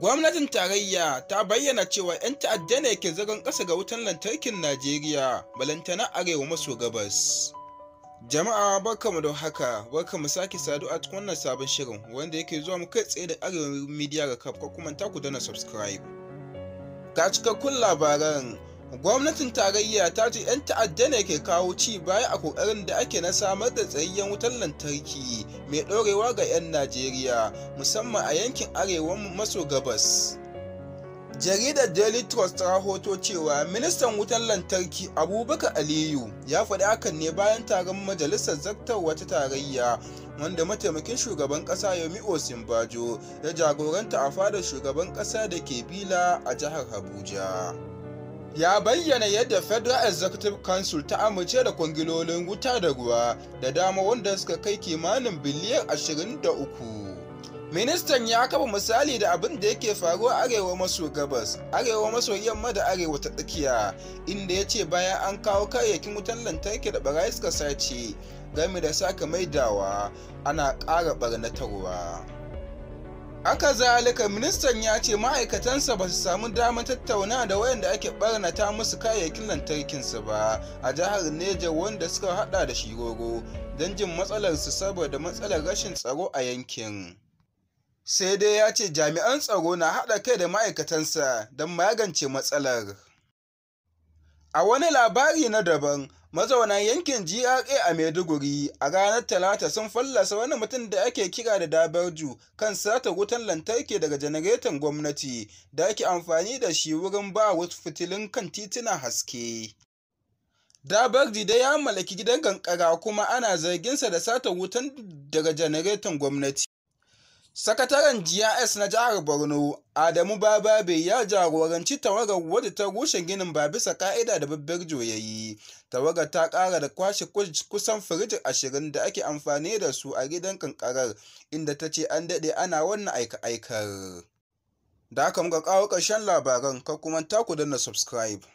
Gwamnatin tarayya ta bayyana cewa 'yan ta'adda ne ke zagon ƙasa ga wutan lantarkin Najeriya, balantana arewa maso gabas. Jama'a barka mu da haka, barka mu sake sadu a cikin wannan sabon shirin wanda yake zuwa mu kai tsaye da arewa media ga kafa kuma ta ku dana subscribe. Ga cikakkun labaran, gwamnatin tarayya ta ce 'yan ta'adda ne ke kawo ci baya a kokarin da ake na samar da tsayayyen wutar lantarki mai ɗorewa ga 'yan najeriya musamman a yankin arewa maso gabas jaridar daily trust ta rahoto cewa ministan wutar lantarki abubakar aliyu ya faɗi hakan ne bayan taron majalisar zartarwa wata tarayya wanda mataimakin shugaban ƙasa yomi osinbajo ya jagoranta a fadar shugaban ƙasa da ke bila a jihar abuja ya bayyana yadda federal executive council ta amince da kwangilolin wuta da ruwa da dama wanda suka kai kimanin biliyan 23 ministan ya kafa misali da abin da yake faruwa arewa maso gabas arewa maso yamma da arewa ta tsakiya inda ya ce bayan an kawo kayayyakin wutan lantarki da barayi suka sace game da sake maidawa ana ƙara ɓarnatarwa. Akazalika zalika ministan ya ce ma'aikatansa ba su samu damar tattauna da wayanda ake barnata musu kayayyakin lantarkinsu ba a jihar neja wanda suka hada da shiroro don jin matsalarsu saboda matsalar rashin tsaro a yankin sai dai ya ce jami'an tsaro na haɗa kai da ma'aikatansa don magance matsalar A wani labari na daban, mazauna yankin GRA a Maiduguri a ranar Talata sun fallasa wani mutum da ake kira da Dabarju kan sata wutan lantarki daga janaretan gwamnati da ake amfani da shi wurin ba wasu fitilun kan tituna haske. Dabarji dai ya mallaki gidan kankara kuma ana zarginsa da sata wutan daga janaretan gwamnati. Sakataren GIS na Jihar Borno, Adamu Bababe ya jagoranci tawagar wadda ta rushe ginin ba bisa ka'ida da babbar joyayi. Tawagar ta ƙara da kwashe kusan firij ashirin da ake amfani da su a gidan kankarar, inda ta ce an daɗe ana wannan aika-aikar. Da aka muka kawo ƙarshen labaran, ka kuma taku danna subscribe.